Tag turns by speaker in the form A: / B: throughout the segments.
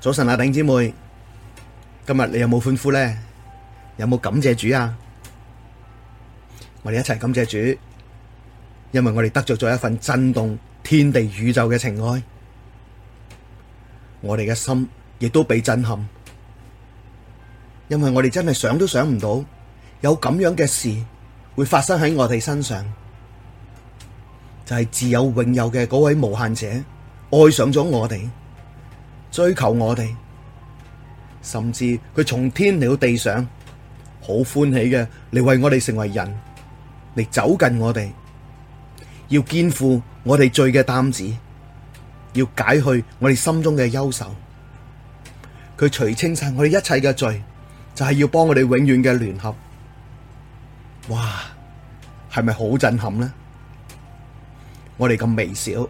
A: 早晨啊，丁姊妹，今日你有冇歡呼咧？有冇感謝主啊？我哋一齊感謝主，因為我哋得着咗一份震動天地宇宙嘅情愛，我哋嘅心亦都被震撼，因為我哋真係想都想唔到有咁樣嘅事會發生喺我哋身上，就係、是、自有永有嘅嗰位無限者愛上咗我哋。追求我哋，甚至佢從天嚟到地上，好歡喜嘅嚟為我哋成為人，嚟走近我哋，要肩負我哋罪嘅擔子，要解去我哋心中嘅憂愁，佢除清晒我哋一切嘅罪，就係要幫我哋永遠嘅聯合。哇，係咪好震撼呢？我哋咁微小，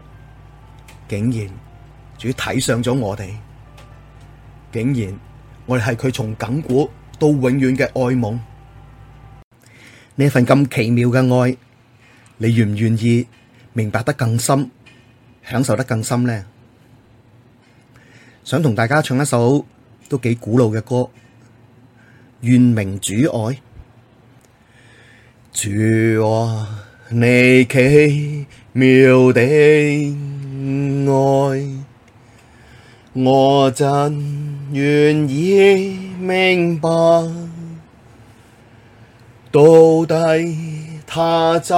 A: 竟然～主睇上咗我哋，竟然我哋係佢從亙古到永遠嘅愛夢，呢份咁奇妙嘅愛，你願唔願意明白得更深，享受得更深呢？想同大家唱一首都幾古老嘅歌，《願明主愛》，主啊，你奇
B: 妙的愛。我真願意明白，到底他怎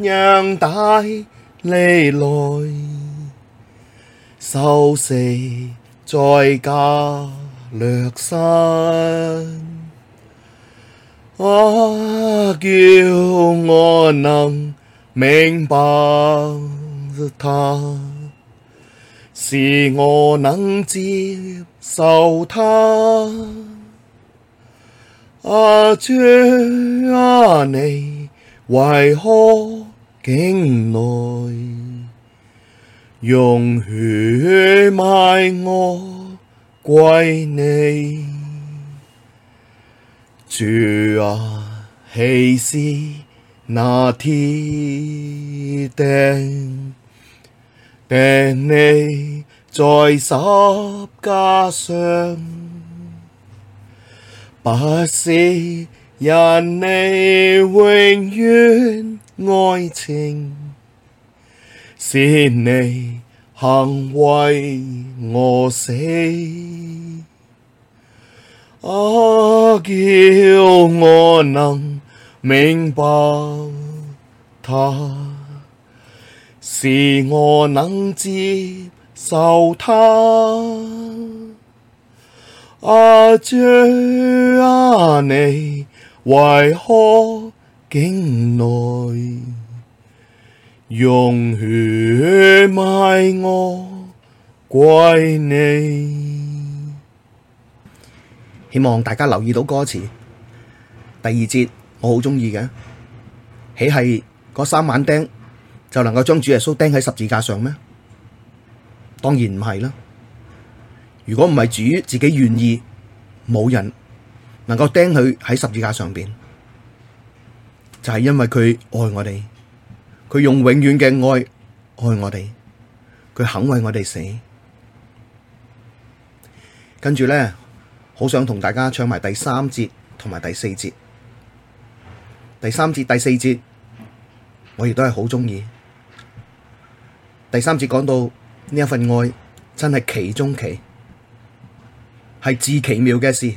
B: 樣帶你來，受死在加略山，啊，叫我能明白他。是我能接受他。阿、啊、主啊，你為何竟來用血買我歸你？主啊，豈是那鐵釘？釘你在十架上，不！是因你永遠愛情，使你肯為我死，啊，叫我能明白它。使我能接受它，主啊，你為何竟來用血買我歸
A: 你！希望大家留意到歌詞，第二節我好中意嘅，豈係嗰三晚釘。就能夠將主耶穌釘喺十字架上咩？當然唔係啦。如果唔係主自己願意，冇人能夠釘佢喺十字架上邊。就係因為佢愛我哋，佢用永遠嘅愛愛我哋，佢肯為我哋死。跟住咧，好想同大家唱埋第三節同埋第四節。第三節第四節，我亦都係好鍾意。第三節講到呢一份愛真係奇中奇，係至奇妙嘅事，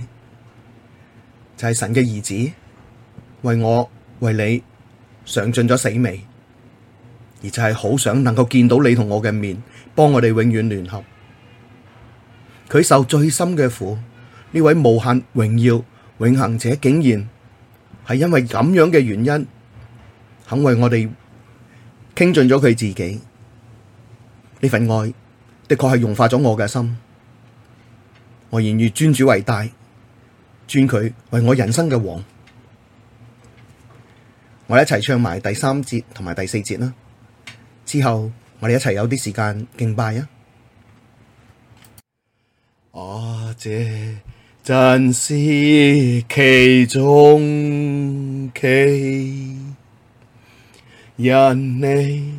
A: 就係、是、神嘅兒子為我為你嘗盡咗死味，而就係好想能夠見到你同我嘅面，幫我哋永遠聯合。佢受最深嘅苦，呢位無限榮耀永恆者，竟然係因為咁樣嘅原因，肯為我哋傾盡咗佢自己。呢份愛的確係融化咗我嘅心，我願意尊主為大，尊佢為我人生嘅王。我哋一齊唱埋第三節同埋第四節啦，之後我哋一齊有啲時間敬拜啊！啊，這真是奇
B: 中奇，人呢？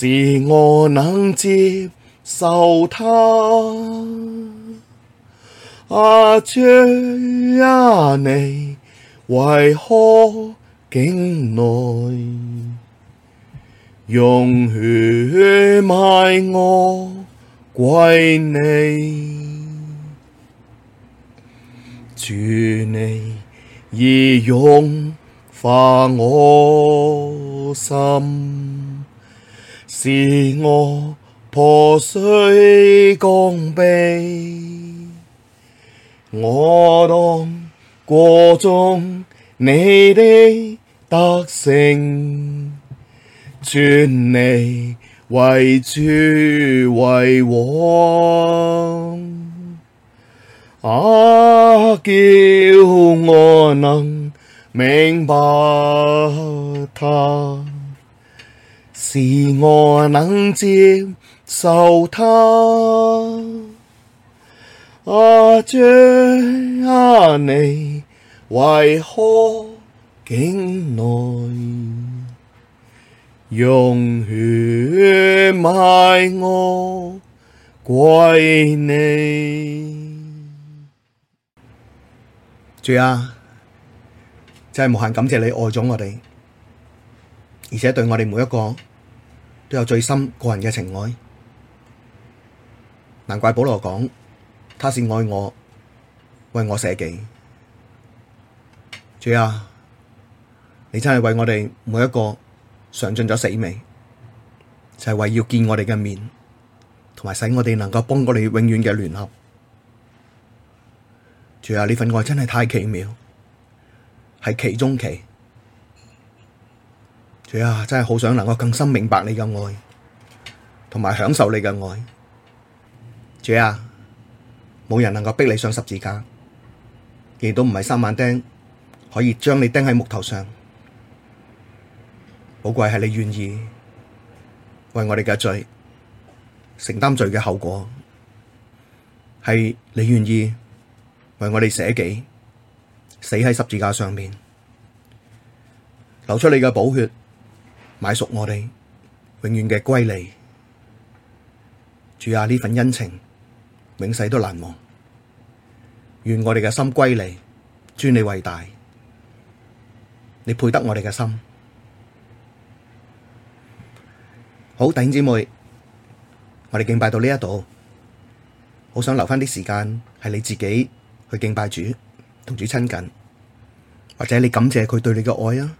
B: 使我能接受它，哦！主啊，你為何竟來用血買我，歸你，主，你已鎔化我心。是我破碎降卑，我當歌頌你的得勝，尊你為主為王，啊，叫我能明白他。使我能接受它，哦！主啊，你為何竟來用血買我，歸你？
A: 主啊，真係無限感謝你愛咗我哋，而且對我哋每一個，都有最深個人嘅情愛，難怪保羅講，他是愛我，為我捨己。主啊，你真係為我哋每一個嘗盡咗死味，就係、是、為要見我哋嘅面，同埋使我哋能夠幫過你永遠嘅聯合。主啊，呢份愛真係太奇妙，係奇中奇。主啊，真係好想能夠更深明白你嘅愛，同埋享受你嘅愛。主啊，冇人能夠逼你上十字架，亦都唔係三萬釘可以將你釘喺木頭上。寶貴係你願意為我哋嘅罪承擔罪嘅後果，係你願意為我哋捨己死喺十字架上面，流出你嘅寶血。買贖我哋永遠嘅歸嚟，住下呢份恩情永世都難忘。願我哋嘅心歸嚟，尊你為大，你配得我哋嘅心。好，弟兄姊妹，我哋敬拜到呢一度，好想留翻啲時間係你自己去敬拜主，同主親近，或者你感謝佢對你嘅愛啊！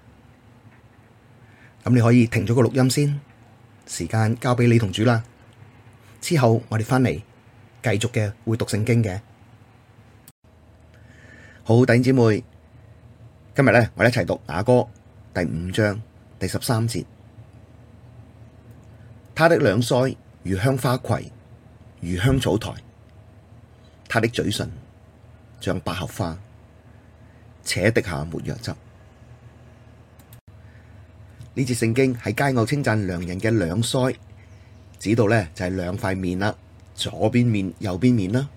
A: 咁你可以停咗個錄音先，時間交俾你同主啦。之後我哋翻嚟繼續嘅會讀聖經嘅。好，弟兄姊妹，今日咧我哋一齊讀雅歌第五章第十三節。他的兩腮如香花畦，如香草臺，他的嘴唇像百合花，且滴下沒藥汁。呢次聖經係佳偶稱讚良人嘅兩腮，指到咧就係、是、兩塊面啦，左邊面、右邊面啦。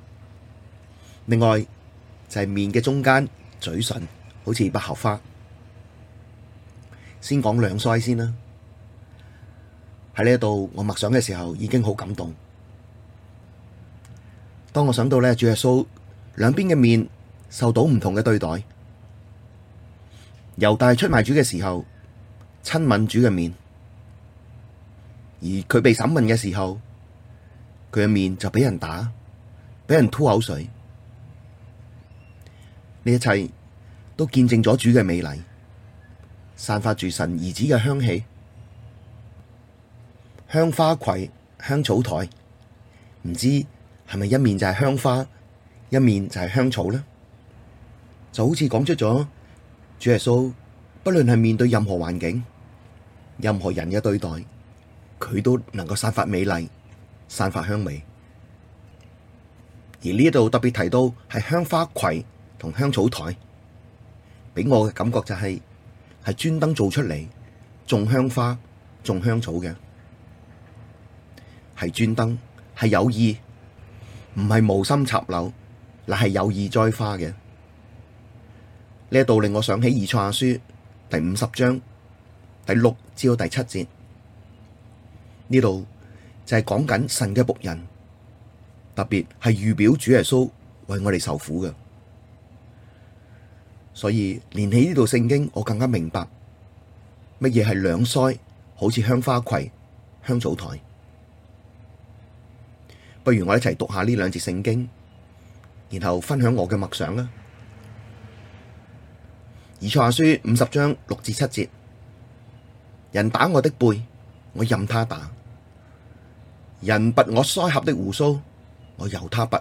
A: 另外就係、是、面嘅中間，嘴唇好似百合花。先講兩腮先啦。喺呢一度我默想嘅時候，已經好感動。當我想到咧主耶穌兩邊嘅面受到唔同嘅對待，猶大出賣主嘅時候。親吻主嘅面，而佢被審問嘅時候，佢嘅面就俾人打，俾人吐口水。呢一切都見證咗主嘅美麗，散發住神兒子嘅香氣。香花畦、香草臺，唔知係咪一面就係香花，一面就係香草咧？就好似講出咗主耶穌，不論係面對任何環境。任何人嘅對待，佢都能夠散發美麗、散發香味。而呢度特別提到係香花畦同香草臺，畀我嘅感覺就係、是、係專登做出嚟種香花、種香草嘅，係專登係有意，唔係無心插柳，乃係有意栽花嘅。呢一度令我想起《以賽亞書》第五十章。第六至到第七節呢度就係講緊神嘅僕人，特別係預表主耶穌為我哋受苦嘅，所以連起呢度聖經，我更加明白乜嘢係兩腮好似香花畦、香草臺。不如我一齊讀一下呢兩節聖經，然後分享我嘅默想啦。以賽亞書五十章六至七節。人打我的背，我任他打；人拔我腮頰的鬍鬚，我由他拔；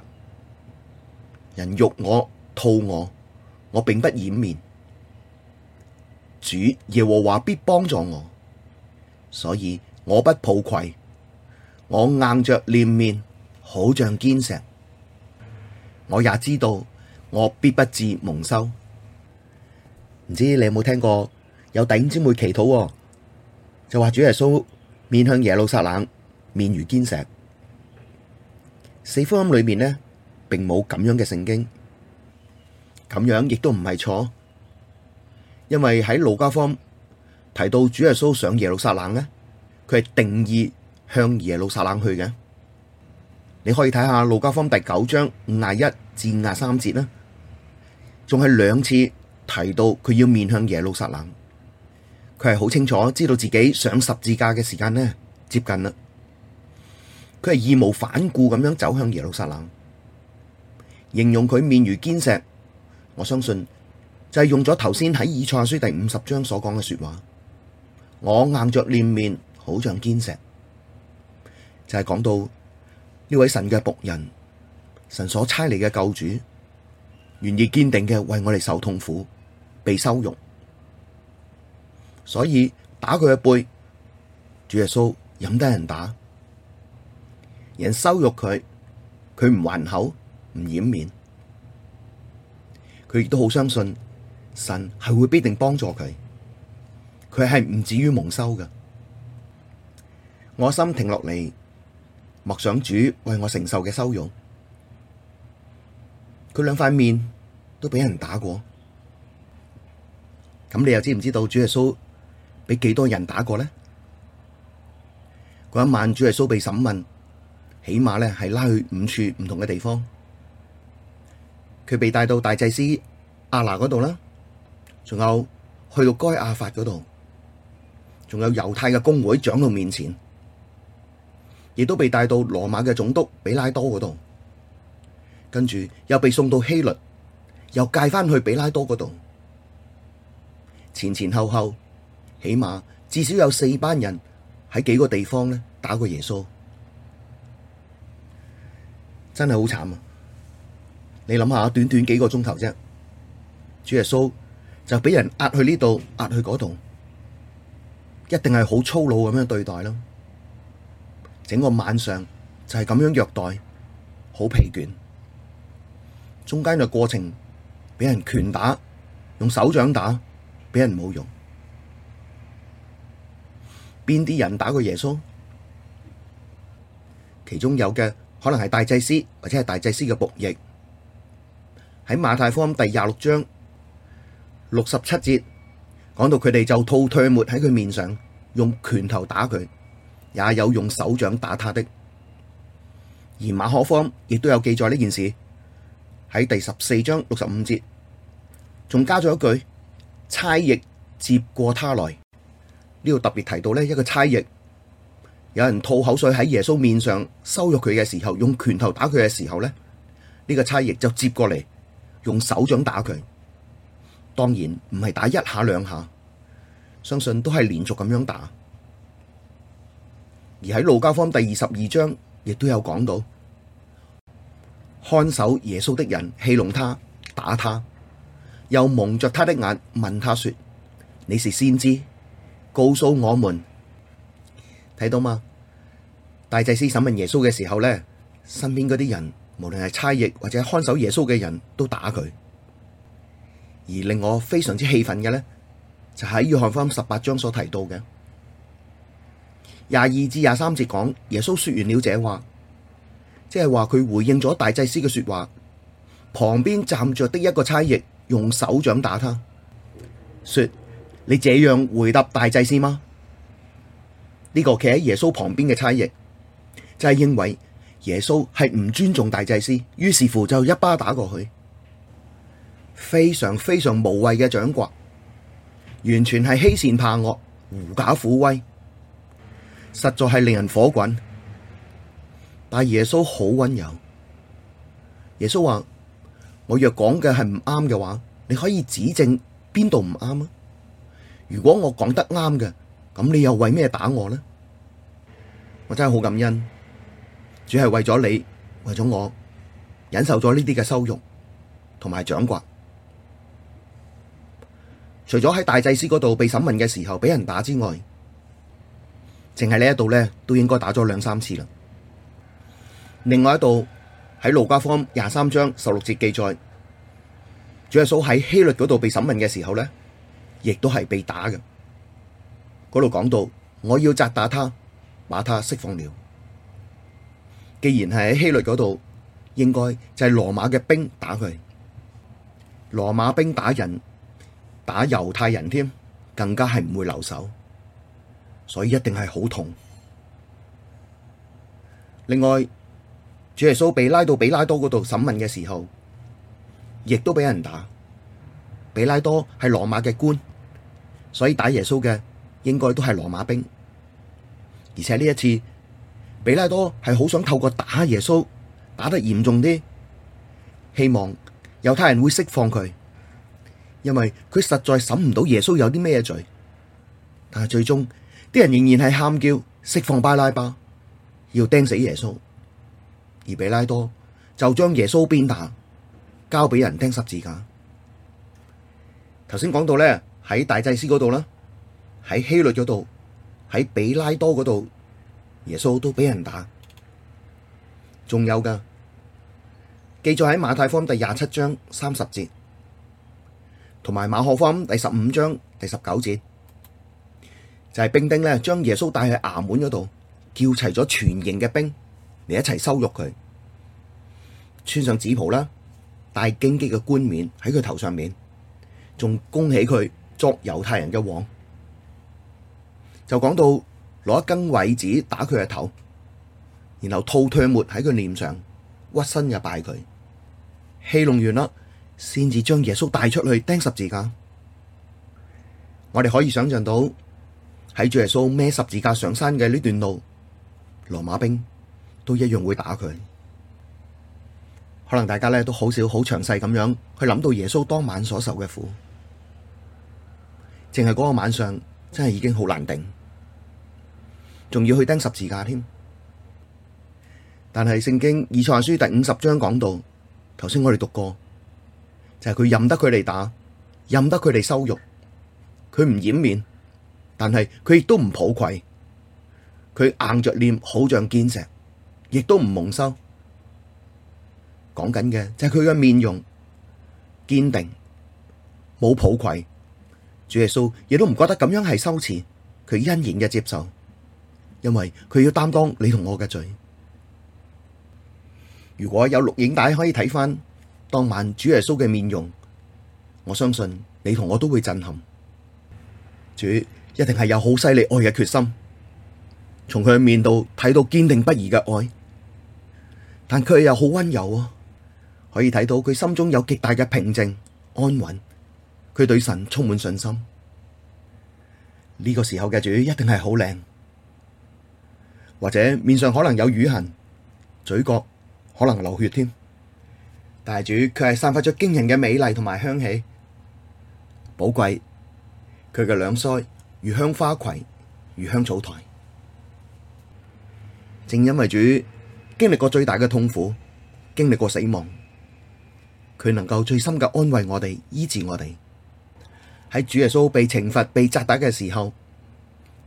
A: 人辱我、吐我，我並不掩面。主耶和華必幫助我，所以我不抱愧。我硬着臉面，好像堅石。我也知道，我必不至蒙羞。唔知你有冇聽過有啲姊妹祈禱？就話主耶穌面向耶路撒冷，面如堅石。四福音裏面呢，並冇咁樣嘅聖經，咁樣亦都唔係錯。因為喺路加方提到主耶穌上耶路撒冷呢，佢係定義向耶路撒冷去嘅。你可以睇下路加方第九章五十一至五十三節啦，仲係兩次提到佢要面向耶路撒冷。佢係好清楚，知道自己上十字架嘅時間呢，接近啦。佢係義無反顧咁樣走向耶路撒冷，形容佢面如堅石。我相信就係用咗頭先喺以賽亞書第五十章所講嘅說話。我硬着臉面，好像堅石，就係、是、講到呢位神嘅僕人，神所差嚟嘅救主，願意堅定嘅為我哋受痛苦、被羞辱。所以打佢嘅背，主耶穌忍得人打，人羞辱佢，佢唔還口，唔掩面，佢亦都好相信神係會必定幫助佢，佢係唔至於蒙羞嘅。我心停落嚟，默想主為我承受嘅羞辱，佢兩塊面都俾人打過，咁你又知唔知道主耶穌俾幾多人打過呢？嗰一晚主耶穌被審問，起碼咧係拉去五處唔同嘅地方。佢被帶到大祭司亞拿嗰度啦，仲有去到該亞法嗰度，仲有猶太嘅工會長到面前，亦都被帶到羅馬嘅總督比拉多嗰度，跟住又被送到希律，又介翻去比拉多嗰度，前前後後。起碼至少有四班人喺幾個地方咧打過耶穌，真係好慘啊！你諗下，短短幾個鐘頭啫，主耶穌就俾人壓去呢度，壓去嗰度，一定係好粗魯咁樣對待啦、啊。整個晚上就係咁樣虐待，好疲倦。中間嘅過程俾人拳打，用手掌打，俾人侮辱。邊啲人打過耶穌？其中有嘅可能係大祭司或者係大祭司嘅僕役，喺馬太方第廿六章六十七節講到佢哋，就吐唾沫喺佢面上，用拳頭打佢，也有用手掌打他的。而馬可方亦都有記載呢件事，喺第十四章六十五節，仲加咗一句，差役接過他來。呢度特別提到咧，一個差役有人吐口水喺耶穌面上，羞辱佢嘅時候，用拳頭打佢嘅時候咧，呢、這個差役就接過嚟用手掌打佢。當然唔係打一下兩下，相信都係連續咁樣打。而喺路加方第二十二章亦都有講到，看守耶穌的人戲弄他、打他，又蒙着他的眼，問他說：你是先知？告訴我們睇到嗎？大祭司審問耶穌嘅時候呢，身邊嗰啲人無論係差役或者看守耶穌嘅人都打佢，而令我非常之氣憤嘅呢，就喺約翰福音十八章所提到嘅廿二至廿三節講耶穌說完了這話，即係話佢回應咗大祭司嘅說話，旁邊站着的一個差役用手掌打他，說。你這樣回答大祭司嗎？呢個企喺耶穌旁邊嘅差役就係認為耶穌係唔尊重大祭司，於是乎就一巴打過去，非常非常無謂嘅掌摑，完全係欺善怕惡、狐假虎威，實在係令人火滾。但耶穌好温柔，耶穌話：我若講嘅係唔啱嘅話，你可以指正邊度唔啱啊！如果我講得啱嘅，咁你又為咩打我呢？我真係好感恩，主要係為咗你，為咗我忍受咗呢啲嘅羞辱同埋掌摑。除咗喺大祭司嗰度被審問嘅時候俾人打之外，淨係呢一度咧都應該打咗兩三次啦。另外一度喺路加福音廿三章十六節記載，主耶穌喺希律嗰度被審問嘅時候咧。亦都係被打嘅。嗰度講到，我要責打他，把他釋放了。既然係喺希律嗰度，應該就係羅馬嘅兵打佢。羅馬兵打人，打猶太人添，更加係唔會留守，所以一定係好痛。另外，主耶穌被拉到比拉多嗰度審問嘅時候，亦都俾人打。比拉多係羅馬嘅官。所以打耶穌嘅應該都係羅馬兵，而且呢一次比拉多係好想透過打耶穌打得嚴重啲，希望猶太人會釋放佢，因為佢實在審唔到耶穌有啲咩罪。但係最終啲人仍然係喊叫釋放巴拉巴，要釘死耶穌，而比拉多就將耶穌鞭打，交俾人釘十字架。頭先講到咧。喺大祭司嗰度啦，喺希律嗰度，喺比拉多嗰度，耶穌都俾人打，仲有噶，記載喺馬太福音第廿七章三十節，同埋馬可福音第十五章第十九節，就係、是、兵丁咧將耶穌帶去衙門嗰度，叫齊咗全營嘅兵嚟一齊羞辱佢，穿上紫袍啦，戴荊棘嘅冠冕喺佢頭上面，仲恭喜佢。捉猶太人嘅王，就講到攞一根葦子打佢嘅頭，然後吐唾沫喺佢臉上，屈身又拜佢，戲弄完啦，先至將耶穌帶出去釘十字架。我哋可以想象到喺主耶穌孭十字架上山嘅呢段路，羅馬兵都一樣會打佢。可能大家咧都好少好詳細咁樣去諗到耶穌當晚所受嘅苦。淨係嗰個晚上真係已經好難頂，仲要去釘十字架添。但係聖經以賽亞書第五十章講到，頭先我哋讀過，就係佢任得佢哋打，任得佢哋羞辱，佢唔掩面，但係佢亦都唔抱愧，佢硬着臉好像堅石，亦都唔蒙羞。講緊嘅就係佢嘅面容堅定，冇抱愧。主耶穌亦都唔覺得咁樣係羞恥，佢欣然嘅接受，因為佢要擔當你同我嘅罪。如果有錄影帶可以睇返當晚主耶穌嘅面容，我相信你同我都會震撼。主一定係有好犀利愛嘅決心，從佢嘅面度睇到堅定不移嘅愛，但佢又好温柔啊，可以睇到佢心中有極大嘅平靜安穩。佢對神充滿信心。呢個時候嘅主一定係好靚，或者面上可能有瘀痕，嘴角可能流血添。但係主卻係散發出驚人嘅美麗同埋香氣，寶貴。佢嘅兩腮如香花畦，如香草台。正因為主經歷過最大嘅痛苦，經歷過死亡，佢能夠最深嘅安慰我哋，醫治我哋。喺主耶穌被懲罰、被責打嘅時候，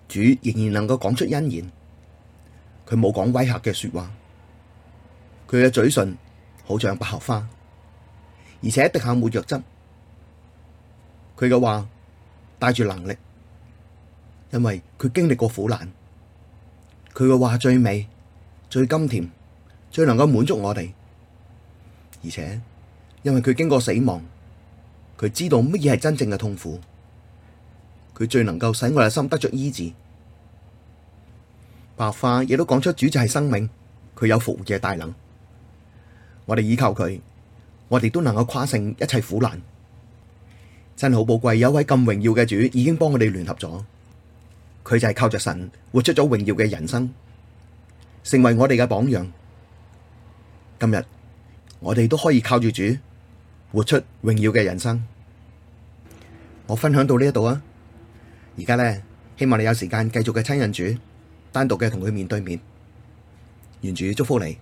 A: 主仍然能夠講出恩言，佢冇講威嚇嘅說話，佢嘅嘴唇好像百合花，而且滴下沒藥汁，佢嘅話帶住能力，因為佢經歷過苦難，佢嘅話最美、最甘甜、最能夠滿足我哋，而且因為佢經過死亡。佢知道乜嘢係真正嘅痛苦，佢最能夠使我哋心得着醫治。百合花亦都講出主就係生命，佢有復活嘅大能，我哋依靠佢，我哋都能夠誇勝一切苦難。真好寶貴，有位咁榮耀嘅主已經幫我哋聯合咗，佢就係靠着神活出咗榮耀嘅人生，成為我哋嘅榜樣。今日我哋都可以靠住主。活出榮耀嘅人生，我分享到呢度啊！而家呢，希望你有時間繼續嘅親近主，單獨嘅同佢面對面。願主祝福你。